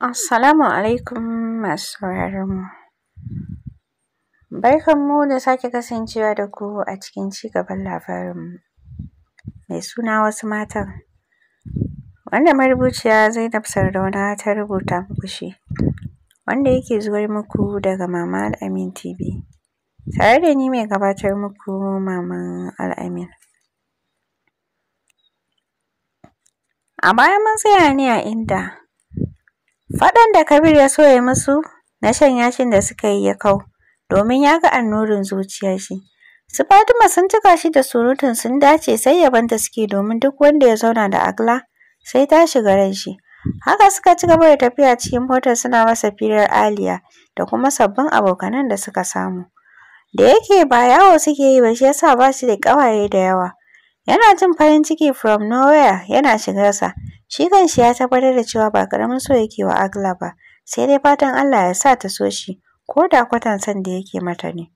Assalamu alaikum masu sauraron mu. Barkan mu da sake kasancewa da ku a cikin cigaban labarin mu. Mai suna wasu matan. Wanda marubuciya Zainab Sardauna ta rubuta muku shi. Wanda yake zuwar muku daga Mama Al'amin TV. Tare da ni mai gabatar muku Maman Al'amin. A baya mun tsaya ne a inda Faɗan da Kabir ya so ya musu na shan yashin da suka yi ya kau, domin ya ga annurin zuciyar shi. Su Fatima sun cika shi da surutun sun dace sai ya banta suke domin duk wanda ya zauna da Agla sai ta shiga ran shi. Haka suka ci gaba da tafiya cikin motar suna masa firar Aliya da kuma sabbin abokanan da suka samu. Da yake ba yawo suke yi ba shi yasa ba shi da ƙawaye da yawa. Yana jin farin ciki from nowhere yana shigarsa Shi kanshi ya tabbatar da cewa ba karamin so yake wa Agla ba, sai dai fatan Allah ya sa ta so shi, ko da kwatan san da yake mata ne.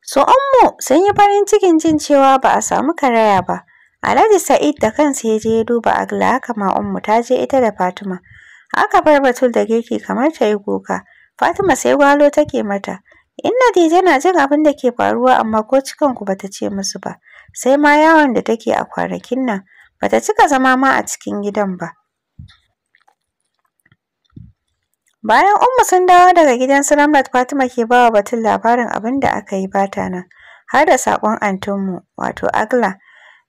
Su Ammu sun yi farin cikin jin cewa ba a samu karaya ba. Alhaji Sa'id da kansa ya je ya duba Agla haka ma Ammu ta je ita da Fatima. Aka bar Batul da girki kamar ta yi kuka. Fatima sai gwalo take mata. na dai na jin abin da ke faruwa amma ko cikanku bata ce musu ba. Sai ma yawon da take a kwanakin nan. bata cika zama ma a cikin gidan ba bayan ummu sun dawo daga gidan su Ramlat Fatima ke bawa batun labarin abin da aka yi bata nan har da saƙon antinmu wato Agla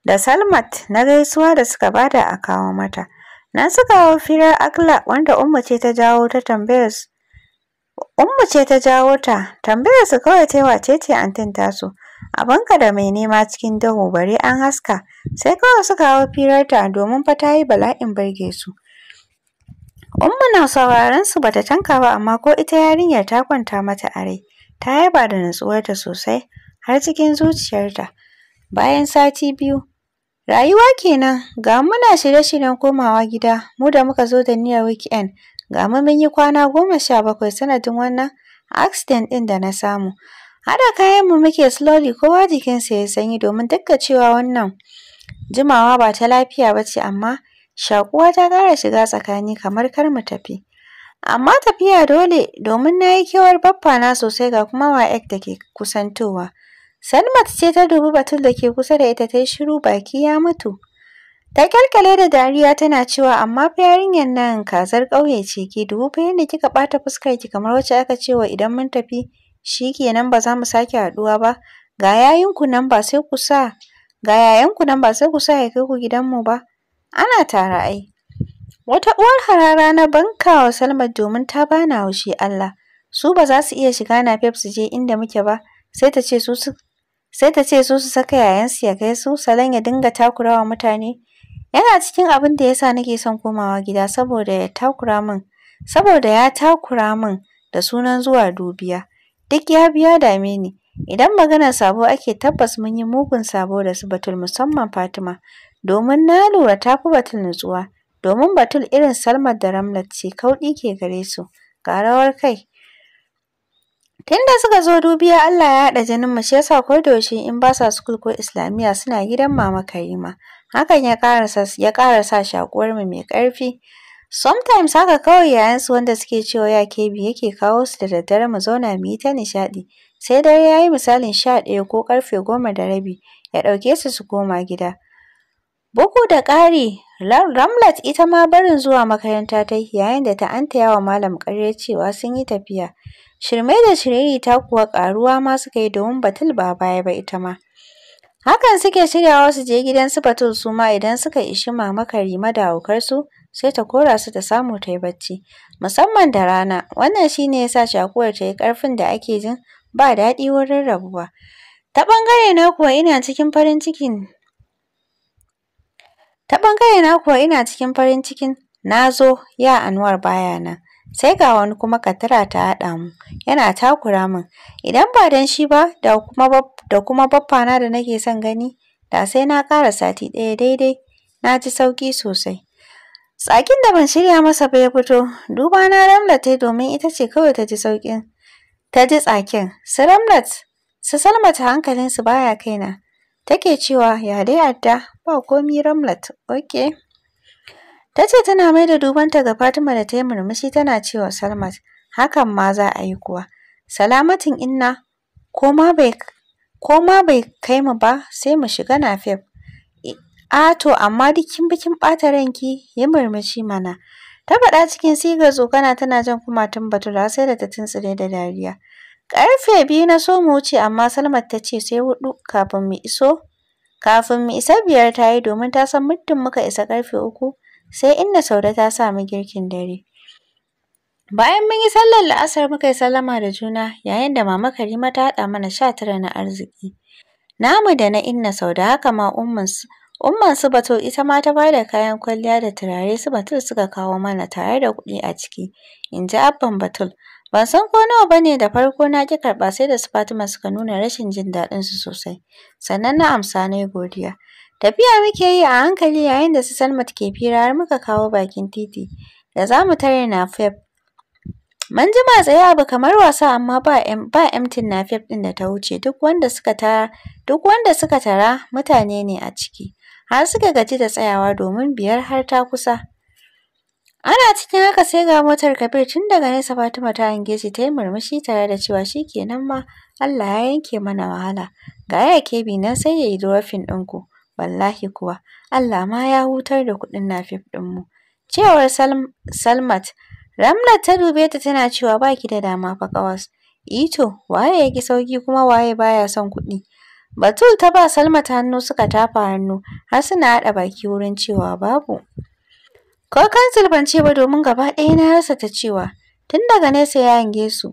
da Salmat na gaisuwa da suka bada a kawo mata nan suka hau firar Agla wanda ummu ce ta jawo ta tambayar Ummu ce ta jawo ta, tambayar su kawai ta wace ce antin tasu, A banka da mai nema cikin duhu bari an haska sai kawai suka hau firarta domin fa ta yi bala'in burge su umma na sauraron su bata tanka ba amma ko ita yarinyar ta kwanta mata a rai ta yaba da natsuwarta sosai har cikin zuciyarta bayan sati biyu rayuwa kenan ga muna shirye-shiryen komawa gida mu da muka zo da niyyar weekend ga mu mun yi kwana goma sha bakwai sanadin wannan accident ɗin da na samu Haɗa kayanmu muke slowly kowa jikinsa ya sanyi domin duk cewa wannan jimawa ba ta lafiya ba ce amma shaƙuwa ta gara shiga tsakani kamar kar mu tafi. Amma tafiya dole domin na yi kewar baffana sosai ga kuma wa'ek da ke kusantowa. Salmat ce ta dubi Batul da ke kusa da ita ta yi shiru baki ya mutu. Ta kyalkyale da dariya tana cewa amma fa yarinyar nan kazar ƙauye ce ki dubu fa kika ɓata fuskar ki kamar wacce aka ce wa idan mun tafi shi kenan ba za mu sake haɗuwa ba ga yayinku nan ba sai ku sa ga yayanku nan ba sai ku sa ya kai ku gidanmu ba ana tare ai wata uwar harara na banka wa Salma domin ta bana haushi Allah su ba za su iya shiga na fef su je inda muke ba sai ta ce su su sai ta ce su su saka yayansu ya kai su salon ya dinga takurawa mutane yana cikin abin da yasa nake son komawa gida saboda ya takura min saboda ya takura min da sunan zuwa dubiya duk ya biya dame ni idan maganar sabo ake tabbas mun yi mugun sabo da su batul musamman fatima domin na lura ta fi batul nutsuwa domin batul irin Salma da ramlat ce kauɗi ke gare su ga rawar kai tunda suka zo dubiya allah ya haɗa jinin mu shi yasa ko da yaushe in ba sa sukul ko islamiyya suna gidan mama karima hakan ya ƙara sa shakuwar mu mai ƙarfi Sometimes haka kawai yayansu wanda suke cewa ya kebi yake kawo su da daddare mu zauna mu yi ta nishaɗi. Sai dare ya yi misalin sha ɗaya ko ƙarfe goma da rabi ya ɗauke su su koma gida. Bugu da ƙari, Ramlat ita ma barin zuwa makaranta ta yi yayin da ta antaya wa malam ƙarya cewa sun yi tafiya. Shirme da shiriri ta kuwa ƙaruwa ma suka yi domin Batul ba baya ba ita ma. Hakan suke shiryawa su je gidan su Batul su ma idan suka ishi mama Karima da abokarsu sai ta kora su ta samu ta yi bacci musamman da rana wannan shi ne ya sa shakuwar ta yi ƙarfin da ake jin ba daɗi wurin rabuwa ta ɓangare na kuwa ina cikin farin cikin ta ɓangare na kuwa ina cikin farin cikin na zo ya Anwar baya nan sai ga wani kuma katara ta haɗa mu yana takura min idan ba don shi ba da kuma da kuma baffana da nake son gani da sai na ƙara sati ɗaya daidai na ji sauƙi sosai Tsakin da ban shirya masa ba ya fito, duba na Ramlat domin ita ce kawai ta ji sauƙin. Ta ji tsakin, su Ramlat, su Salmata hankalinsu baya kaina. Take cewa ya dai adda ba komi Ramlat, ok. Ta ce tana mai da dubanta ga Fatima da ta yi murmushi tana cewa Salmat, hakan ma za a yi kuwa. Salamatin inna, ko ma bai kai mu ba sai mu shiga nafef. A to amma duk kin bi ɓata ranki ya murmushi mana. Ta faɗa cikin sigar tsokana tana jan kumatun Batura sai da ta tuntsire da dariya. Ƙarfe biyu na so mu wuce amma Salmat ta ce sai hudu, kafin mu iso. Kafin mu isa biyar ta yi domin ta san muddin muka isa ƙarfe uku sai inna Saude ta sa mu girkin dare. Bayan mun yi sallar la'asar muka yi sallama da juna yayin da Mama Karima ta haɗa mana sha tara na arziki. Namu da na inna Saude haka ma ummansu Umman su Batul ita ma ta bada kayan kwalliya da turare su Batul suka kawo mana tare da kuɗi a ciki, in ji Abban Batul. Ban san ko nawa ba ne da farko na ki karba sai da su Fatima suka nuna rashin jin su sosai. Sannan na amsa na godiya. Tafiya muke yi a hankali yayin da su Salma ke fira har muka kawo bakin titi da za mu tare Nafef. Mun jima tsaye abu kamar wasa amma ba ba emtin Nafef ɗin da ta wuce duk wanda suka tara duk wanda suka tara mutane ne a ciki. har suka gaji da tsayawa domin biyar har ta kusa. Ana cikin haka sai ga motar Kabir tun daga nesa Fatima ta hange shi ta yi murmushi tare da cewa shi kenan ma Allah ya yanke mana wahala. Ga ya kebi nan sai ya yi durofin ɗinku. Wallahi kuwa Allah ma ya hutar da kuɗin nafif ɗinmu. Cewar Salmat, Ramnat ta dube ta tana cewa baki da dama fa kawas Ito, waye ya ki sauki kuma waye baya son kuɗi? Batul ta ba Salma ta hannu suka tafa hannu har suna haɗa baki wurin cewa babu. Ko kansil ban ce ba domin gaba ɗaya na rasa ta cewa tun daga nesa ya hange su.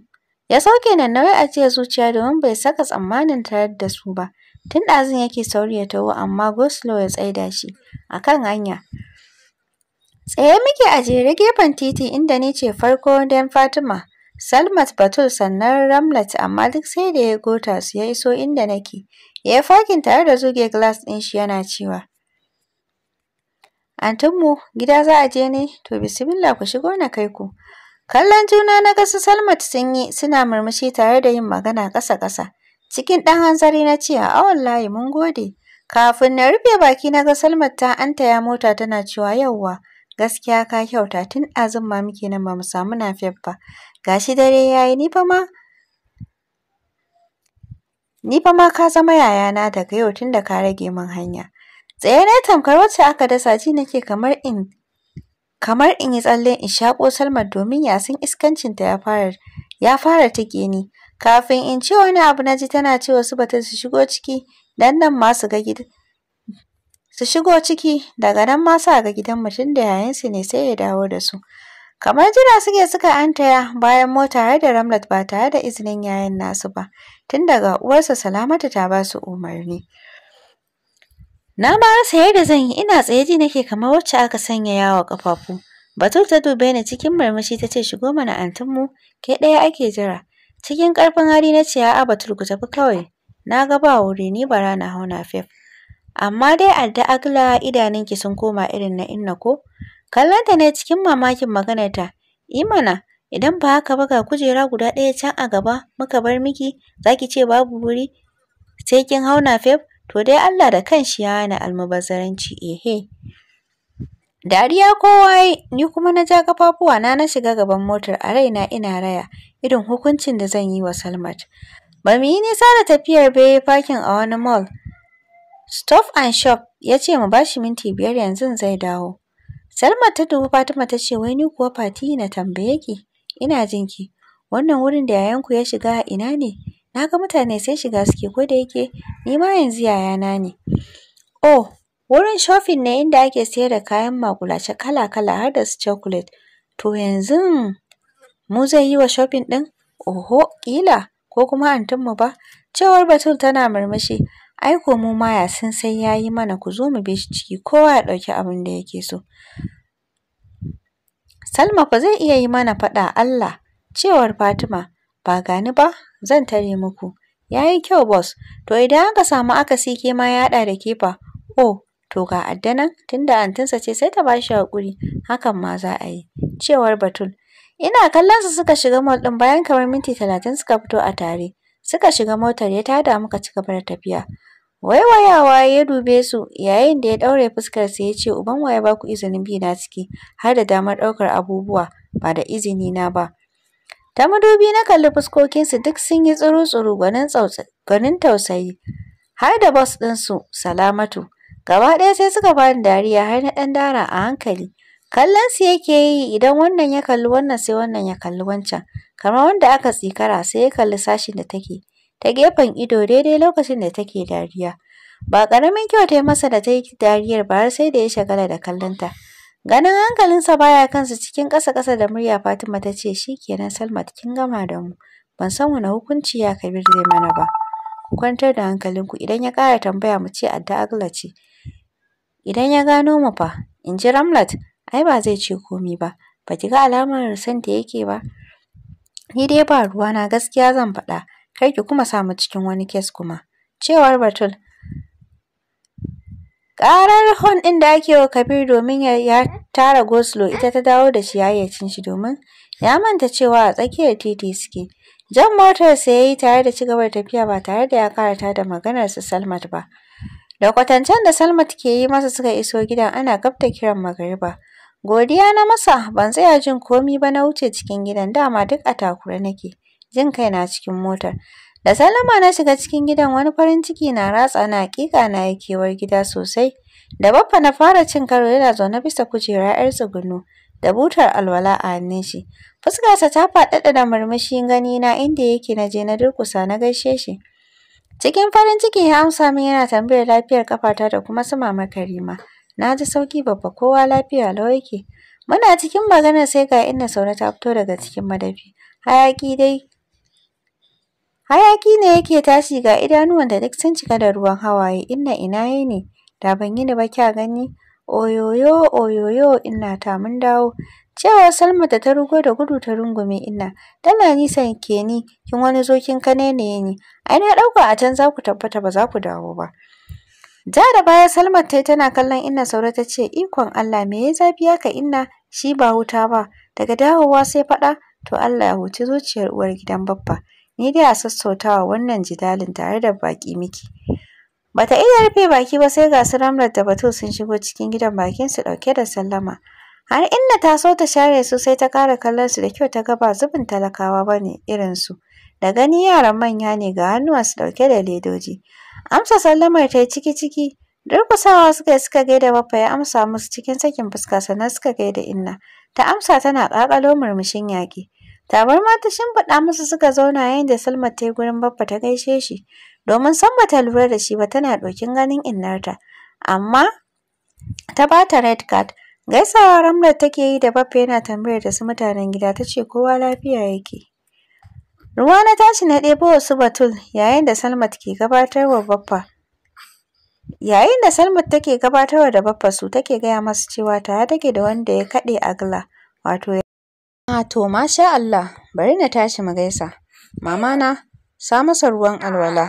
Ya sauke nan nauyi a zuciya domin bai saka tsammanin tare da su ba. Tun ɗazun yake sauri ya taho amma Goslow ya tsaida shi a kan hanya. Tsaye muke a jere gefen titi inda ni ce farko dan Fatima, Salmat Batul sannan Ramlat amma duk sai da ya gota su ya iso inda nake. Ya fakin tare da zuge glass ɗin shi yana cewa antummu gida za a je ne to bismillah ku shigo na kai ku. Kallon juna na gasu Salmat sun yi suna murmushi tare da yin magana ƙasa-ƙasa. Cikin ɗan hanzari na ce a wallahi mun gode. Kafin na rufe baki na ga Salmat ta anta ya mota tana cewa yauwa gaskiya ka kyauta tun azumma ma muke nan ba mu samu nafiyar ba. Gashi dare yayi yi ni fa ma Ni fa ma ka zama yayana daga yau tunda ka rage min hanya. Tsaye na tamkar wacce aka dasa ji nake kamar in kamar in yi tsalle in shaƙo Salma domin yasin iskancinta ya fara ya fara tike ni. Kafin in ce wani abu na ji tana ce wasu bata su shigo ciki dan nan ma su ga gidan su shigo ciki daga nan ma sa ga gidan mutum da yayansu ne sai ya dawo da su. Kamar jira suke suka antaya bayan mota har da Ramlat ba tare da izinin yayan nasu ba, tun daga uwarsa Salamatu ta ba su umarni. Na ma rasa yadda zan yi ina tsaye ji nake kamar wacce aka sanya yawa ƙafafu. Batul ta dube ni cikin murmushi ta ce shigo mana mu ke ɗaya ake jira. Cikin ƙarfin hali na ce a'a Batul ku tafi kawai. Na ga ba wuri ni bara na hauna na fef. Amma dai adda agla idanunki sun koma irin na inna ko? Kallonta ne cikin mamakin maganarta. Imana, idan ba haka ba ga kujera guda ɗaya can a gaba muka bar miki, za ki ce babu wuri, sai kin hau fef to dai Allah da kanshi ya hana almubazzaranci ehe. Dariya kowa ni kuma na ja kafafuwa na na shiga gaban motar a raina ina raya irin hukuncin da zan yi wa Salmat. Ba mu yi nisa da tafiyar ba fakin a wani mall. Stop and shop ya ce mu bashi minti biyar yanzu zai dawo. Salma ta dubi Fatima ta ce wai ni kuwa Fati na tambaye ki ina jin ki wannan wurin da yayanku ya shiga ina ne na ga mutane sai shiga suke ko da yake ni ma yanzu na ne oh wurin shopping ne inda ake sayar da kayan makulace kala-kala har da su chocolate to yanzu mu zai yi wa shopping ɗin oho ƙila ko kuma mu ba cewar Batul tana murmushi Ai ko mu ma ya san sai ya yi mana ku zo mu bi shi ciki kowa ya ɗauki abin da yake so. Salma ko zai iya yi mana faɗa Allah cewar Fatima ba gani ba zan tare muku. yayi kyau bos, to idan aka samu akasi ke ma ya da kefa. Oh, to ga addana tunda antinsa ce sai ta ba shi hakuri hakan ma za a yi. Cewar Batul. Ina kallon su suka shiga mall ɗin bayan kamar minti talatin suka fito a tare. Suka shiga motar ya tada muka ci gaba da tafiya. Waiwayawa ya dube su yayin da ya ɗaure fuskarsa ya ce, Uban waye ba ku izinin bi na ciki har da damar ɗaukar abubuwa ba da izini na ba? Ta madubi na kalli fuskokinsu duk sun yi tsuru-tsuru gwanin tausayi, har da bos ɗinsu Salamatu. Gaba ɗaya sai suka bani dariya har na ɗan dara a hankali. Kallonsu yake yi idan wannan ya kalli wannan sai wannan ya kalli wancan, kamar wanda aka tsikara sai ya kalli sashin da take. ta gefen ido daidai lokacin da take dariya. Ba ƙaramin kyau ta yi masa da ta yi dariyar ba har sai da ya shagala da kallonta. Ganin hankalinsa baya kansa cikin ƙasa-ƙasa da murya Fatima ta ce shi kenan Salmat, kin gama da mu. Ban san wani hukunci ya Kabir zai mana ba. Ku kwantar da hankalinku idan ya ƙara tambaya mu ce adda agla ce. Idan ya gano mu fa in ji Ramlat ai ba zai ce komi ba. Ba ki ga alamar son da yake ba. Ni dai ba ruwa na gaskiya zan faɗa. kar ki kuma samu cikin wani kes kuma. Cewar Batul. Ƙarar hon ɗin da ake wa Kabir domin ya tara Goslo ita ta dawo da shi cin shi domin ya manta cewa a tsakiyar titi suke. Jan motarsa ya yi tare da gaba da tafiya ba tare da ya karata da maganar su Salmat ba. Da kwatancen da Salmat ke yi masa suka iso gidan ana gab da kiran magariba. Godiya na masa ban tsaya jin komi ba na wuce cikin gidan dama duk a takure nake. jin kai na cikin motar. Da sallama na shiga cikin gidan wani farin ciki na ratsa na hakika na yi kewar gida sosai. Da baffa na fara cin karo yana zaune bisa kujera 'yar tsugunu da butar alwala a hannun shi. Fuskarsa ta faɗaɗa da murmushin ganina inda yake na je na durƙusa na gaishe shi. Cikin farin ciki ya amsa min yana tambayar lafiyar ƙafata da kuma su mama Karima. Na ji sauƙi babba kowa lafiya lau yake. Muna cikin magana sai ga inna saura ta fito daga cikin madafi. Hayaƙi dai Hayaƙi ne yake tashi ga idanuwan da duk sun cika da ruwan hawaye. Inna ina yini? Da ban yini ba kya gani? Oyoyo oyoyo ta mun dawo. Cewa Salma da ta rugo da gudu ta rungume inna. Tana nisan ke ni, kin wani zo kin ne ni. Ai na ɗauka a can za ku tabbata ba za ku dawo ba. Ja da baya Salma tai tana kallon inna saura ta ce ikon Allah me ya zafi haka inna shi ba wuta ba. Daga dawowa sai faɗa to Allah ya huci zuciyar uwar gidan babba. Ni dai a sassautawa wannan jidalin tare da baƙi miki. Bata iya rufe baki ba sai ga su Ramlat da batu sun shigo cikin gidan bakin su dauke da sallama. Har inda ta so ta share su sai ta kara kallon su da kyau ta ga ba zubin talakawa bane irin su. Da gani yaran manya ne ga su dauke da ledoji. Amsa sallamar ta yi ciki-ciki. Durƙusawa suka yi suka gaida Baffa ya amsa musu cikin sakin fuska sannan suka gaida Inna. Ta amsa tana kakalo murmushin yaƙi. Tabarma ta shimfiɗa musu suka zauna yayin da Salma ta yi gurin Baffa ta gaishe shi. Domin san ba ta lura da shi ba tana ɗokin ganin innarta. Amma ta bata ta red card. Gaisawa Ramlat take yi da Baffa yana tambayar da su mutanen gida ta ce kowa lafiya yake. Ruwa na tashi na ɗebo wasu batul yayin da Salmat ke wa babba. Yayin da Salma take gabatarwa da Baffa su take gaya masu cewa tare take da wanda ya kaɗe Agla wato Ah to masha Allah, bari na tashi mu gaisa. Mama na, sa masa ruwan alwala.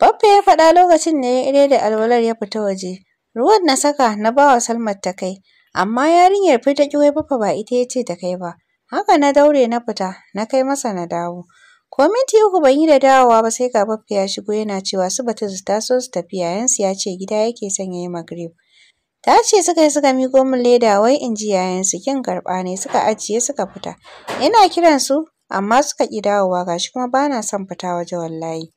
Baffa ya faɗa lokacin da ya ire da alwalar ya fita waje. Ruwan na saka na bawa Salmat ta kai, amma yarinyar fita ƙiwai Baffa ba ita ya ce ta kai ba. Haka na daure na fita, na kai masa na dawo. Ko minti uku ban yi da dawowa ba sai ga Baffa ya shigo yana cewa su Batul su taso su tafi yayansu ya ce gida yake son yayi magrib. Ta ce suka yi suka miƙo min leda wai in ji yayansu kin karɓa ne suka ajiye suka fita. Ina kiran su amma suka ƙi dawowa ga shi kuma ba na son fita waje wallahi.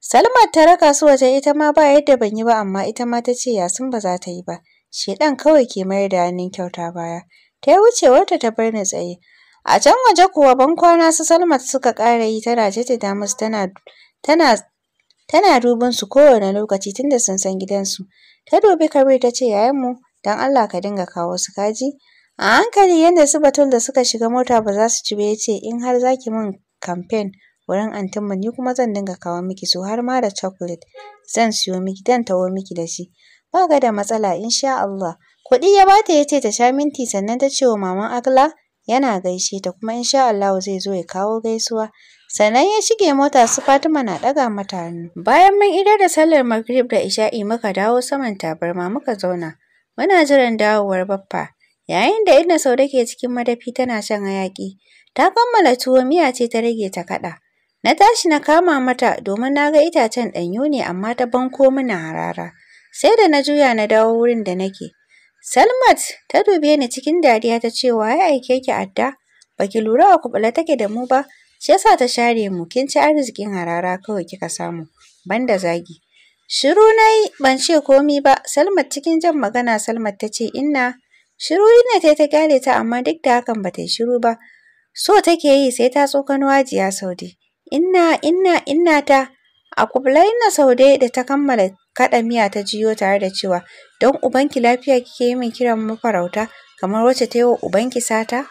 Salma ta raka su waje ita ma ba yadda ban yi ba amma ita ma ta ce sun ba za ta yi ba. Shiɗan kawai ke mayar da hannun kyauta baya. Ta yi wucewarta ta bar ni tsaye. A can waje kuwa bankwana su Salma suka ƙara yi tana da musu tana tana Tana dubin su kowane lokaci tunda sun san gidansu. Ta dubi Kabir ta ce yayanmu don Allah ka dinga kawo su kaji. A hankali yadda su batun da suka shiga mota ba za su ci ba ya ce in har za ki min kamfen wurin antinmu ni kuma zan dinga kawo miki su har ma da chocolate zan siyo miki dan tawo miki da shi. Ba ga da matsala insha Allah. Kuɗi ya bata ya ce ta sha minti sannan ta ce wa maman Agla yana gaishe ta kuma insha Allah zai zo ya kawo gaisuwa. sannan ya shige mota su Fatima na ɗaga mata hannu. Bayan mun idar da sallar Maghrib da Isha'i muka dawo saman tabarma muka zauna, muna jiran dawowar Baffa. Yayin da Inna Saude ke cikin madafi tana shan hayaki, ta kammala tuwo miya ce ta rage ta kaɗa. Na tashi na kama mata domin na ga itacen ɗanyo ne amma ta banko mana harara. Sai da na juya na dawo wurin da nake. Salmat ta dube ni cikin dariya ta ce waye aike ki adda? Baki lura a kubula take da mu ba? Shi yasa ta share mu, kin ci arzikin harara kawai kika samu, banda zagi. Shiru na ban ce komi ba, salma cikin jan magana salma ta ce inna. Shiru inna ta ta gale ta amma duk da hakan ba ta yi shiru ba. So take yi sai ta tsokano wajiya saudi Inna, inna, inna ta. A kubla na Saude da ta kammala kaɗa miya ta jiyo tare da cewa, don ubanki lafiya kike yi min kiran mafarauta kamar wacce ta yi wa ubanki sata?